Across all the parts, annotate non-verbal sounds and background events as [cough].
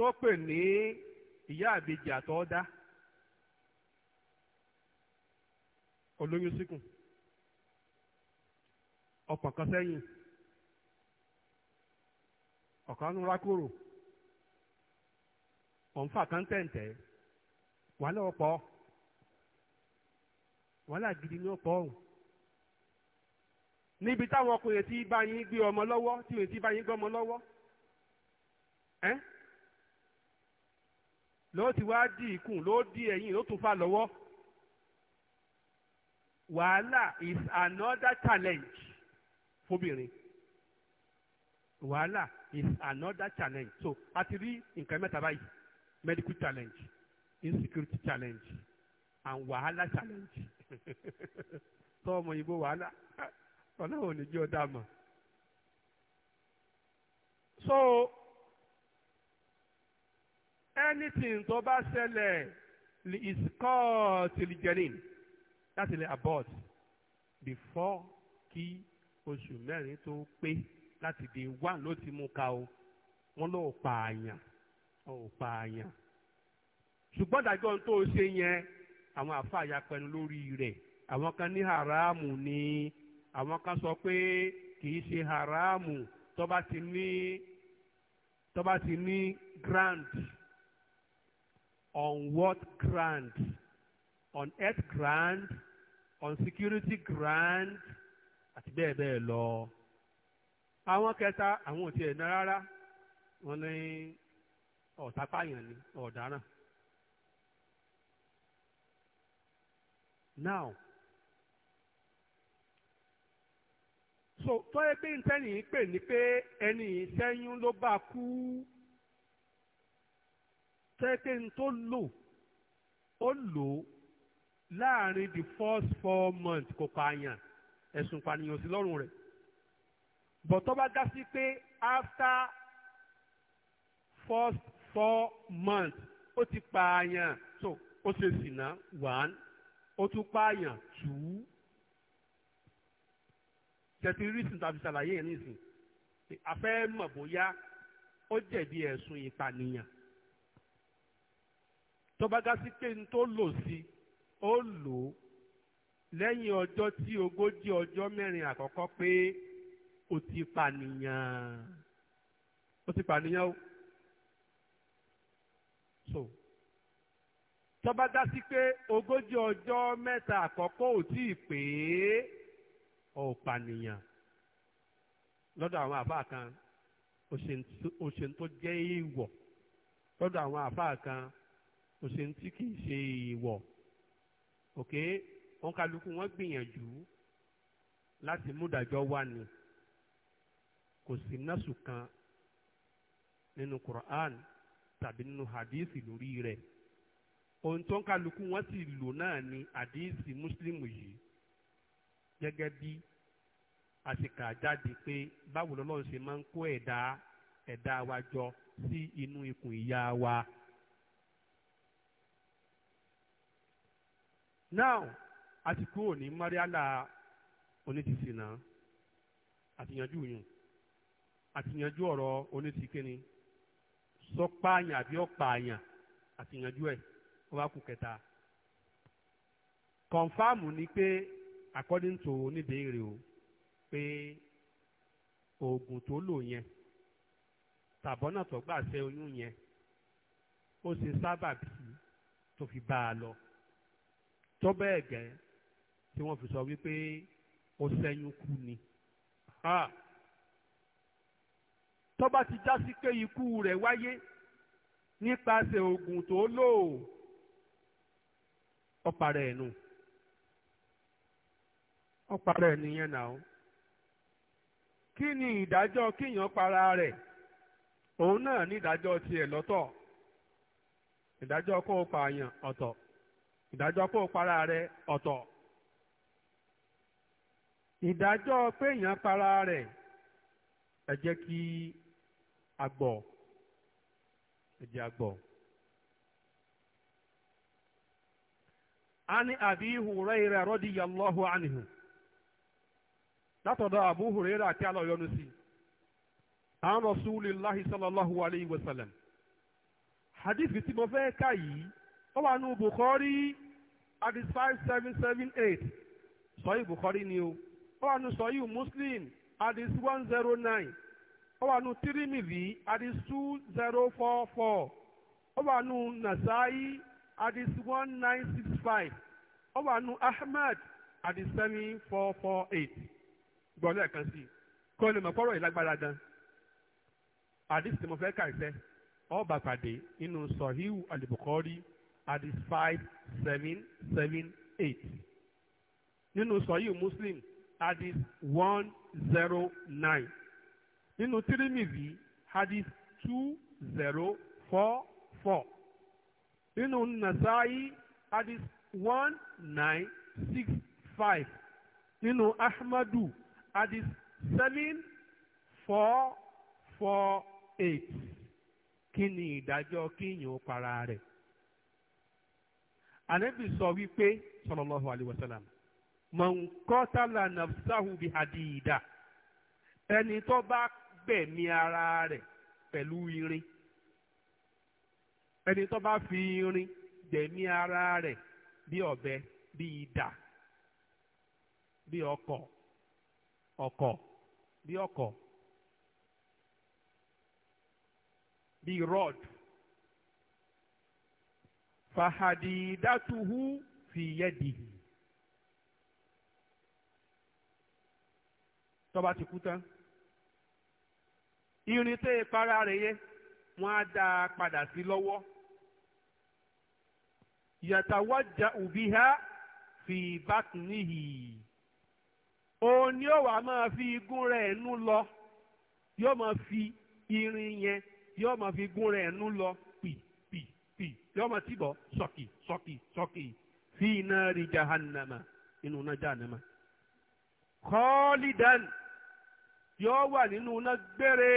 tó pè ní ìyá atọ àtọ́dá olóyún síkùn kan sẹ́yìn ọ̀kan ń ọ̀nfà kan tẹ̀ǹtẹ̀ wàhálà ọ̀pọ̀ wàhálà gidi ní ọ̀pọ̀ ọ̀hún níbi táwọn ọkùnrin tí bá yín ti bá yín gbé ọmọ ló ti wá dì ikùn ló dì ẹ̀yìn ló tún fà lọ́wọ́ wàhálà is another challenge fóbìnrin wàhálà is another challenge so a ti rí nǹkan mẹ́ta báyìí medical challenge insecurity challenge and wàhálà challenge [laughs] tọ́ ọmọ òyìnbó wàhálà ọlọ́run ò ní jẹ́ ọ dá mọ̀ so anything tó bá ṣẹlẹ̀ is called tiligenin láti lè abort before kí oṣù mẹ́rin tó pé láti di one ló ti mú ka o wọ́n lọ pààyàn ò pààyàn ṣùgbọ́n dájọ́ tó ṣe yẹn àwọn àfààyà pẹ̀lú lórí rẹ̀ àwọn kan ní haramu ni àwọn kan sọ pé kìí ṣe haramu tó bá ti ní tó bá ti ní grand on what grant? On earth grant? On security ground? Àti bẹ́ẹ̀ bẹ́ẹ̀ lọ. Àwọn kẹta àwọn ò tiẹ̀ ná rárá. Wọ́n ní ọ̀tá pààyàn ni ọ̀daràn. Now, so tọ́yẹ pé ntẹ́nìí pè ní pé ẹni ìṣẹ́yún ló bá kú tẹ́pẹ́ ń tó lò ó lò ó láàrin the first four months kò pààyàn ẹ̀sùn pànìyàn sí lọ́rùn rẹ̀ but tó bá dá sí pé after first four months ó ti pààyàn so ó ṣe sìnà one ó tún pààyàn two tẹ̀tí reason tàbí ṣàlàyé yẹn nísìn àfẹ́ mọ̀ bóyá ó jẹ̀bi ẹ̀sùn ìpànìyàn tó bá ga sí pé n tó lò sí ó lò ó lẹ́yìn ọjọ́ tí ogójì ọjọ́ mẹ́rin àkọ́kọ́ pé ó ti pànìyàn ó ti pànìyàn ó so tó bá ga sí pé ogójì ọjọ́ mẹ́ta àkọ́kọ́ ò tí ì pé ó pànìyàn lọ́dọ̀ àwọn àbá kan ó ṣe ń tó jẹ́ èèwọ̀ lọ́dọ̀ àwọn àbá kan kò sí ní tí kì í ṣe ìwọ̀ òkè wọn kálukú wọn gbìyànjú láti múdàjọ́ wá ni kò sí násù kan nínú Quran tàbí nínú Hadithi lórí rẹ̀ ohun tó ń kálukú wọn sì lò náà ni hadith Muslim yìí gẹ́gẹ́ bí a ti kà jáde pé báwo lọ́lọ́run ṣe máa ń kó ẹ̀dá ẹ̀dá wa jọ sí inú ikùn ìyá wa. now a ti kúrò ní mariala onítìsínà àtìyànjú yìí àtìyànjú ọ̀rọ̀ onítìkíni sọpáàyàn àbí ọ̀pààyàn àtìyànjú ẹ̀ ó wá kù kẹta kọ̀nfàmù ni pé according to oníbèrè o pé oògùn tó lò yẹn tàbọ́nà tó gbà ṣe oyún yẹn ó ṣe sábàbí tó fi bá a lọ. tó bẹ́ẹ̀ gẹ́ tí wọ́n fi sọ wípé ó ṣẹ́yún kú ni tó bá ti já pé ikú rẹ̀ wáyé nípasẹ̀ oògùn tó lò ọ̀parẹ́ ẹ̀ nù ọ̀parẹ́ ẹ̀ nìyẹn náà kí ni ìdájọ́ kíyàn para rẹ̀ òun náà ní ìdájọ́ tiẹ̀ lọ́tọ̀ ìdájọ́ kó o pààyàn ọ̀tọ̀. ìdájọ́ pé ó para rẹ̀ ọ̀tọ̀ ìdájọ́ pé èèyàn para rẹ̀ ẹ jẹ́ kí a gbọ́ ẹ jẹ́ a gbọ́. ani abi hurayra radiyallahu anhu látọ̀dọ̀ abu hurayra àti alọ́yọ́nu sí an rasulillahi sallallahu alayhi wa tí ó wà nù Bukhari hadith five seven seven eight sọ́yìn Bukhari ni o ó wà nù sọ́yìn Muslim hadith one zero nine ó wà nù Tirmidhi hadith two zero four four ó wà nù Nasa'i hadith one nine six five ó wà nù Ahmad hadith seven four four eight gbọ́ lẹ́ẹ̀kan sí i kọ́ ẹni mọ̀ kọ́rọ̀ ìlágbára gan hadith tí mo fẹ́ kà ń fẹ́ ọba pàdé nínú sọ̀híù alìbùkọ́rí hadith five seven seven eight nínú sọ̀yí muslim hadith one zero nine nínú tirimizi hadith two zero four four nínú nasa'i hadith one nine six five nínú ahmadu hadith seven four four eight kí ni ìdájọ́ kíyàn para rẹ̀ ànábì sọ wípé sallallahu alayhi wa sallam man qatala nafsahu bi hadida ẹni tó bá gbẹ̀mí ara rẹ̀ pẹ̀lú irin ẹni tó bá fi irin gbẹ̀mí ara rẹ̀ bí ọ̀bẹ bí idà bí ọkọ̀ ọkọ̀ bí ọkọ̀ bí rọ́ọ̀dù fahadidatuhu fi yadihi tọba ti kú tán irin tẹ ìpara rẹ̀ yẹ wọ́n á dá a padà sí lọ́wọ́ yàtàwájà biha fi batnihi òun ni ó wàá máa fi igun rẹ̀ nú lọ yóò máa fi irin yẹn yóò máa fi igun rẹ̀ nú lọ yọ ọmọ tí bọ̀ sọ̀kì sọ̀kì sọ̀kì fi nari jahannama inú iná jahannama. khalidan yọ wà nínú iná gbére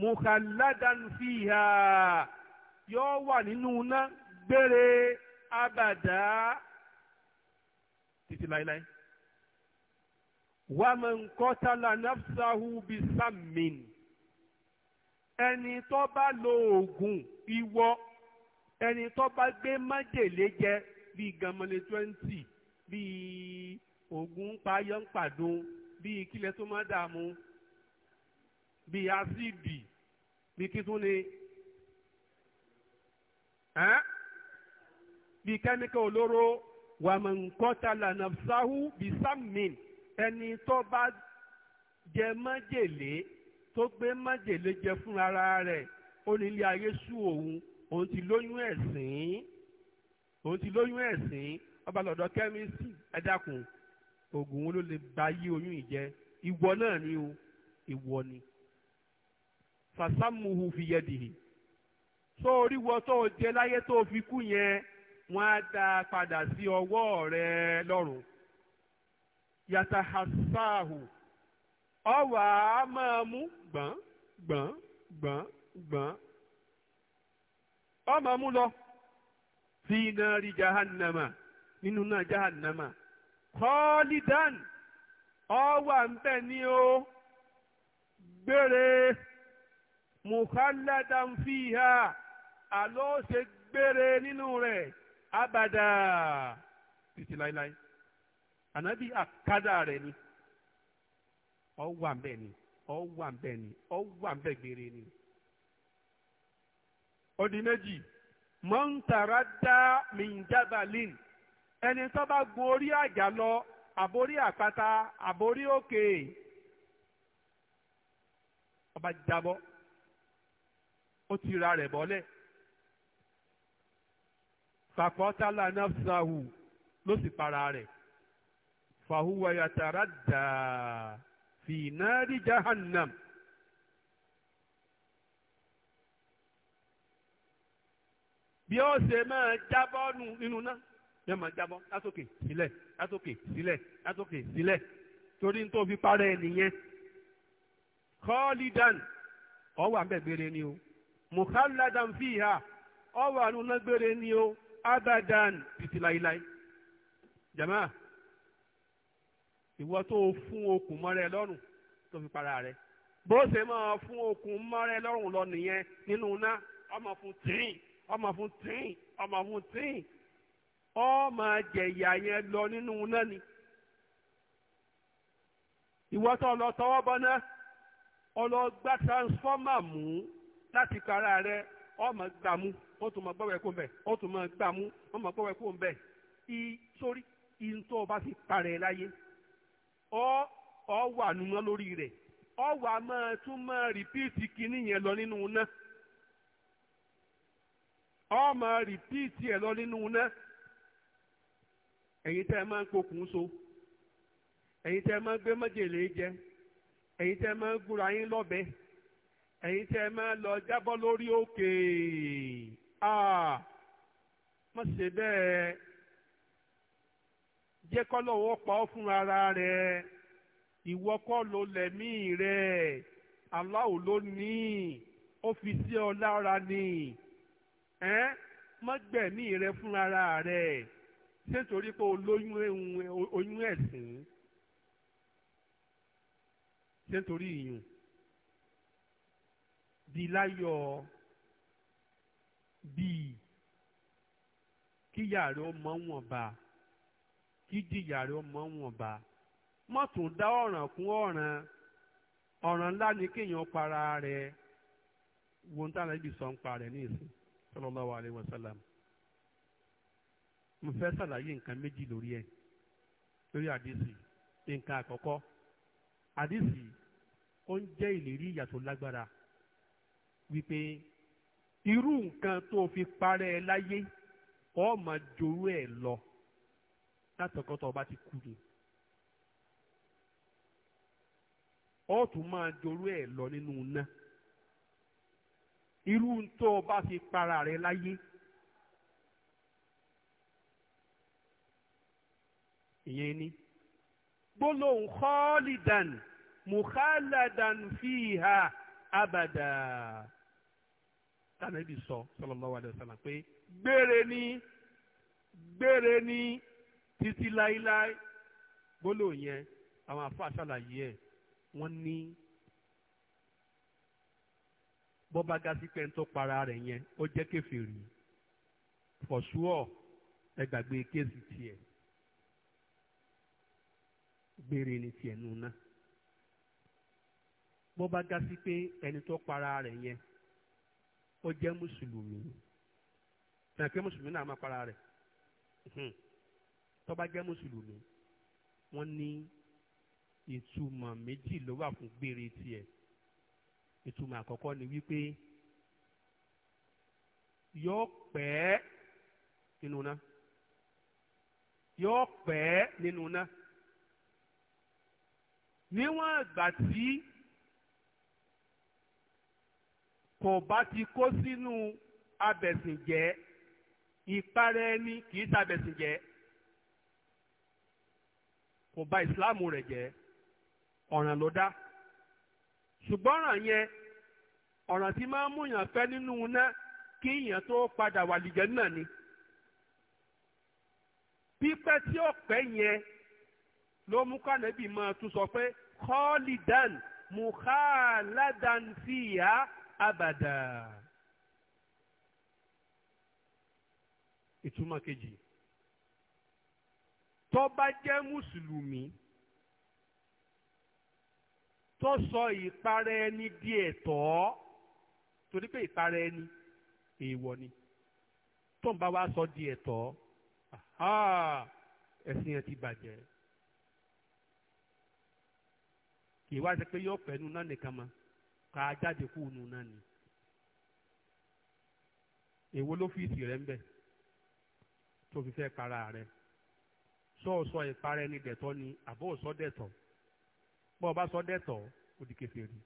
mukhalladan fiha yọ wà nínú iná gbére abàdá títí láéláé wàmán kọ́tàlá nafsahu bisamin ẹni tó lo oògùn ìwọ ẹni tó bá gbé májèlé jẹ bíi gamani twenty bíi ogun payọ́npàdún bíi kílẹ̀ tó má dààmú bíi ásíìdì bíi kí tún ni bíi kẹ́míkà olóró wàmọ̀nkọ́ta lànàfsáhù bíi sàmìn ẹni tó bá jẹ májèlé tó gbé májèlé jẹ fún ara rẹ̀ ó ní ayé sú òun òun ti lóyún ẹ̀sìn òun ti lóyún ẹ̀sìn ọba lọ́dọ̀ kẹ́míìsì ẹ dákun oògùn wo ló lè ba yí oyún yìí jẹ́ ìwọ náà ni o ìwọ ni fàsámùhù fìyẹdìhì tó oríwọ tó o jẹ láyé tó o fi kú yẹn wọn á dá padà sí ọwọ́ rẹ lọ́rùn yàtà hasáhù ọwà á máa mú gbọ̀n gbọ̀n gbọ̀n gbọ̀n ọmọ mụ lọ fi nari jahannama nínú náà jahannama khalidan ọwà mbẹ ni o gbére mukhalladan fiha àlọ́ ṣe gbére nínú rẹ abada títí láíláí ànábì àkádà rẹ̀ ni ọwà ń ni ọwà mbẹ ni ọwà mbẹ bẹ gbére ni. ó di méjì mọ́ntàràdá mìjábàlín ẹni tó bá gun orí àjà lọ àborí àpáta àborí òkè ó bá jábọ́ ó ti ra rẹ̀ bọ́lẹ̀ fàkọ́tàlá nafsahu ló sì para rẹ̀ fàhùwà yàtàràdá fi jahannam. bí ó ṣe máa jábọ́ nínú náà yóò máa jábọ́ látòkè sílẹ̀ látòkè sílẹ̀ látòkè sílẹ̀ torí n tó fi parẹ́ nìyẹn. kọ́ọ̀lìdàn ọ̀wà ń bẹ̀ gbére ni o mùkáládàn fìhà ọ̀wà ń ná gbére ni o abadan títí láíláí. jama ìwọ tó fún okùn mọ́rẹ́ lọ́rùn tó fi para rẹ̀ bó ṣe máa fún okùn mọ́rẹ́ lọ́rùn lọ nìyẹn nínú iná ọmọ fún tìrín. ọmọ fún tíìn ọmọ fún tíìn ọ máa jẹ̀yà yẹn lọ nínú náà ni ìwọ tó lọ tọwọ́ bọ náà ọlọ́gbà transformer mú láti para rẹ ọmọ máa gbà mú ó tún máa gbọ́ wẹ̀ kó mbẹ̀ ó tún máa gbà mú ó máa gbọ́ wẹ̀ kó mbẹ̀ i sórí ìntọ́ bá fi parẹ́ láyé ọ ọ wà nùnà lórí rẹ ọ wà máa tún máa rìpíìtì kínní yẹn lọ nínú náà. ọ máa rìpíìtì ẹ̀ lọ nínú iná ẹ̀yin tẹ́ ẹ máa ń pokùn so ẹ̀yin tẹ́ ẹ máa ń gbé májèlé jẹ ẹ̀yin tẹ́ ẹ máa ń gbúra yín lọ́bẹ ẹ̀yin tẹ́ ẹ máa ń lọ jábọ́ lórí òkè má ṣe bẹ́ẹ̀ jẹ́ kọ́lọ́wọ́ pa ọ́ fún ara rẹ̀ ìwọ kọ ló lẹ̀mí rẹ̀ aláwo ló ní ó fi sí ọ lára ni. ẹ́ mọ́gbẹ̀mí rẹ fúnra rẹ̀ ṣé torí pé oyún ẹ̀sìn ṣé torí ìyún di láyọ̀ bíi bi rẹ ó wọn bá kí jìyà rẹ ó wọn bá má tún dá ọ̀ràn kún ọ̀ràn ọ̀ràn ńlá ni kéèyàn para rẹ̀ wo ń tàn lẹ́bi sọ ń pa sallallahu alayhi wa sallam mo fẹ́ ṣàlàyé nǹkan méjì lórí ẹ̀ lórí àdìsí nǹkan àkọ́kọ́ àdìsí ó ń jẹ́ ìlérí ìyàtọ̀ lágbára wípé irú nǹkan tó fi parẹ́ láyé ọ máa jorú ẹ̀ lọ látọ̀kọ́tọ̀ ọba ti kú ni ọ tún máa jorú ẹ̀ lọ nínú náà irú tó o bá fi para rẹ láyé ìyẹn ni gbólóhùn khalidan mukhaladan fiha abada tànàbí sọ sallallahu alaihi wasallam pé gbére ni gbére ni títí láíláí gbólóhùn yẹn àwọn afọ àṣàlàyé ẹ wọn ní bó bá ga sí pé ń tó para rẹ̀ yẹn ó jẹ́ kèfèrí for sure ẹ gbàgbé kéèsì tiẹ̀ gbére ni tiẹ̀ nù náà bó bá ga sí pé ẹni tó para rẹ̀ yẹn ó jẹ́ mùsùlùmí tẹ̀ pé mùsùlùmí náà máa para rẹ̀ hmm. tó bá jẹ́ mùsùlùmí wọ́n ní ìtumọ̀ méjì ló wà fún gbére tiẹ̀ ìtumọ̀ àkọ́kọ́ ni wípé yóò pẹ́ nínú náà yóò pẹ́ nínú náà níwọ̀n ìgbà tí kò bá ti kó sínú abẹ̀sìnjẹ́ ìpara ẹni kì í sabẹ̀sìnjẹ́ kò bà ìsìláàmù rẹ̀ jẹ́ ọ̀ràn ló dá ṣùgbọ́n ọ̀ràn yẹn ọ̀ràn tí máa ń mú yàn pẹ́ nínú iná kí yàn tó padà wà lìjẹ́ náà ni. pípẹ́ tí ó pẹ́ yẹn ló mú kánẹ́bì máa tún sọ pé khalidan mukhaladan fiha abada. ìtumọ̀ kejì tó bá jẹ́ mùsùlùmí tó sọ ìpara ẹni di ẹ̀tọ́ torí pé ìpara ẹni èèwọ̀ ni tó ń bá wa sọ di ẹ̀tọ́ ẹ̀sìn ẹ̀ ti bàjẹ́ kì í wá ṣe pé yóò pẹ̀lú náà nìkan mọ́ ká a jáde kú nu náà ni èwo lọ́fíìsì rẹ̀ ń bẹ tó fi fẹ́ para rẹ̀ sọ́ọ̀sọ ìpara ẹni dẹ̀tọ́ ni àbọ̀ dẹ̀tọ́ bọ́ ọ bá sọ dẹ́tọ̀ ó di kèfèrí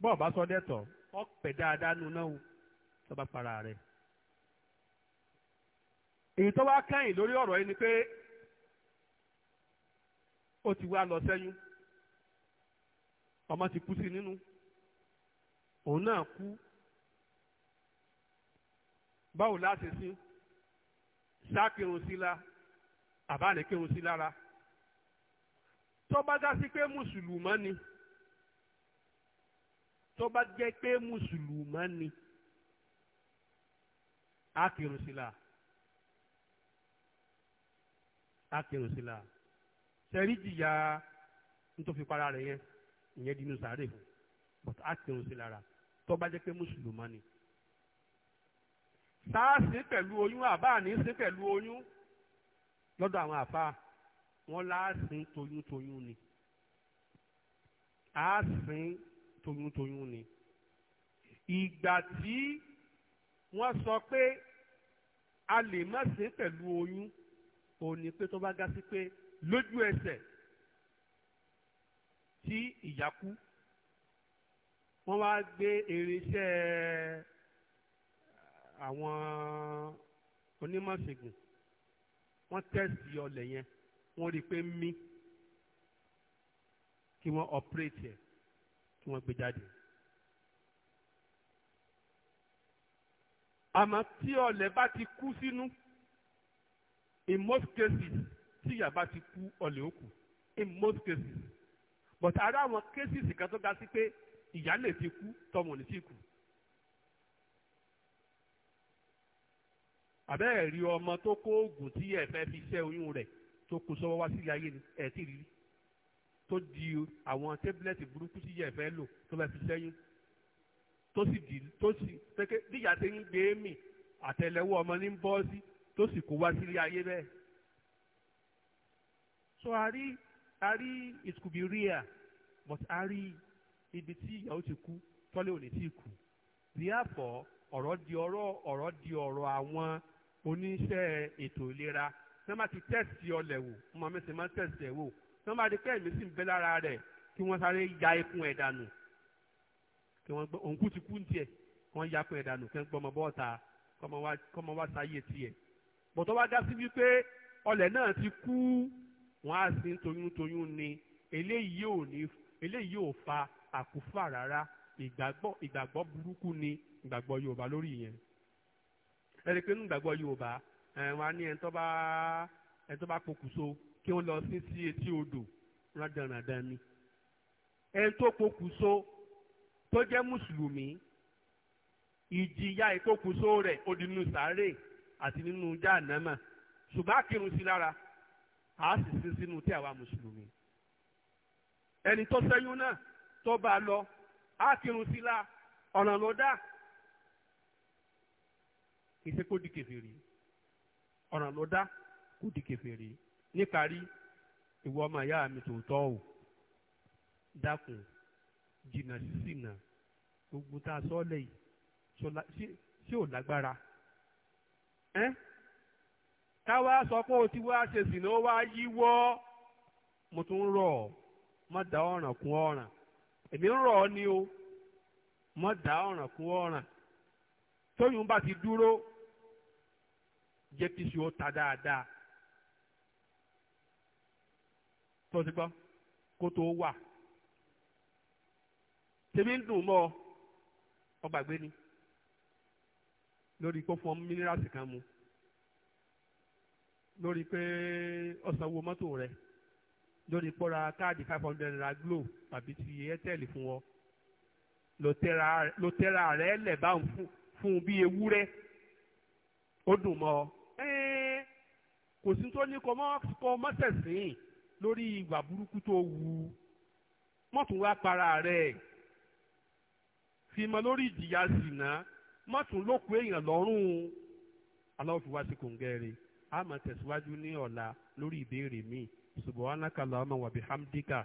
bọ́ ọ bá sọ dẹ́tọ̀ ọ pẹ̀ dáadáa nu náà tó bá para rẹ̀. èyí tó wá kẹ́yìn lórí ọ̀rọ̀ yìí ni pé ó ti wá lọ sẹ́yún ọmọ ti kú sí nínú òun náà kú báwo láti sí sáà kírun sí la àbá ní kírun sí lára. La tó bá dá sí pé mùsùlùmọ́ ni tó bá jẹ́ pé mùsùlùmọ́ ni á kírun sí la á kírun sí la sẹ́rí jìyà nítorí para rẹ̀ yẹn ìyẹn dínú sáré fún but á kírun sí lára tó bá jẹ́ pé mùsùlùmọ́ ni sáà sí pẹ̀lú oyún àbáà ní sí pẹ̀lú oyún lọ́dọ̀ àwọn àfáà wọ́n láàsìn toyúntoyún ni àásìn toyúntoyún ni ìgbà tí wọ́n sọ pé a lè má sìn pẹ̀lú oyún òní pé tó bá ga sí pé lójú ẹsẹ̀ tí ìyá kú wọ́n wá gbé irinṣẹ́ àwọn onímọ̀ṣègùn wọ́n tẹ̀sí ọlẹ̀ yẹn wọ́n rí i pé ń mí kí wọ́n ọ̀pẹ́rẹ́tì ẹ̀ kí wọ́n gbé jáde. àmọ́ tí ọ̀lẹ̀ bá ti kú sínú in most cases tí ìyá bá ti kú ọ̀lẹ̀ ó kù in most cases but ara àwọn cases kan tó ga sí pé ìyá lè ti kú tọmọ ní ti kú. àbẹ́ẹ̀ ọmọ tó kó oògùn tí ẹ̀ fẹ́ fi ṣẹ́ oyún rẹ̀ tó kù sọ́wọ́ wá sílé ayé ẹ̀ tí rí tó di àwọn tébúlẹ̀tì burúkú tí yẹ̀ fẹ́ lò tó fẹ́ fi sẹ́yìn tó sì dì tó sì pẹ́kẹ́ díyà tẹ́ ń gbé mì àtẹ̀lẹ́wọ́ ọmọ ní bọ́ọ̀sì tó sì kó wá sílé ayé bẹ́ẹ̀. so a rí a rí it could be but a rí ibi tí ìyàwó ti kú tọ́lẹ̀ ò ní tí kú therefore ọ̀rọ̀ di ọ̀rọ̀ ọ̀rọ̀ di ọ̀rọ̀ àwọn oníṣẹ́ ètò ìlera tí wọ́n bá ti tẹ́sì ọlẹ̀ wò ọmọ mi sì máa tẹ́sì ẹ̀ wò tí wọ́n bá di kẹ́ẹ̀mí sì ń bẹ lára rẹ̀ kí wọ́n sáré ya ikùn ẹ̀ dànù kí wọ́n gbọ́ òǹkú ti kú tiẹ̀ kí wọ́n ya ikùn ẹ̀ dànù kí wọ́n gbọ́ ọmọ bọ́ọ̀ta kọ́mọ wá sáyé tiẹ̀ bọ̀tọ́ wá dá sí wípé ọlẹ̀ náà ti kú wọ́n á sin toyúntoyún ni eléyìí ò ní eléyìí ò fa àkúfà rárá ìgbàgbọ́ ìgbàgbọ́ burúkú ni ìgbàgbọ́ Yorùbá lórí ìyẹn ẹ̀rí pé nínú Yorùbá wọn á ní ẹni tó bá ẹni tó bá pokùnso kí wọ́n lọ sí sí etí odò rádaràdà ni ẹni tó pokùnso tó jẹ́ mùsùlùmí ìjìyà ìpokùnso rẹ̀ ó di nínú sàárè àti nínú jáànámà ṣùgbọ́n akírun sí lára a sì sin sínú tí àwa mùsùlùmí ẹni tó ṣẹ́yún náà tó bá lọ a sí la ọ̀nà ló dá ìṣekó di kèfèrí ọ̀ràn ló dá kò di kèfèrí ìwọ ọmọ ìyá mi tòótọ́ o dákun jìnnà sísìnà gbogbo tá a sọ lẹ́yìn ṣé ò lágbára ẹ́ táwa sọ pé o ti wá ṣe sìnà ó wá yíwọ́ mo tún ń rọ̀ ọ́ má dá ọ̀ràn kún ọ̀ràn èmi ń rọ̀ ọ́ ni o má dá ọ̀ràn kún ọ̀ràn tóyún bá ti dúró. jẹ́ kí iṣu ó ta dáadáa tó ti gbọ́ kó tó wà tèmi ń dùn mọ́ ọ gbàgbé ni lórí kó fún ọ mínírààsì kan mu lórí pé ó sanwó mọ́tò rẹ̀ lórí pọ́ra káàdì five hundred naira glo tàbí ti airtel fún ọ lò tẹ́ra rẹ̀ lẹ̀ bá fún un bí ewúrẹ́ ó dùn mọ́ ọ. kò sí tó ní kọ́ mọ́tẹ̀sìn lórí ìwà burúkú tó wù mọ́tún wá para rẹ̀ fìmọ̀ lórí ìjìyà zìnà mọ́tún ló èèyàn lọ́rùn aláwọ̀ fi wá sí kòǹgẹ́rẹ́ a máa tẹ̀síwájú ní ọ̀la lórí ìbéèrè míì wa bihamdika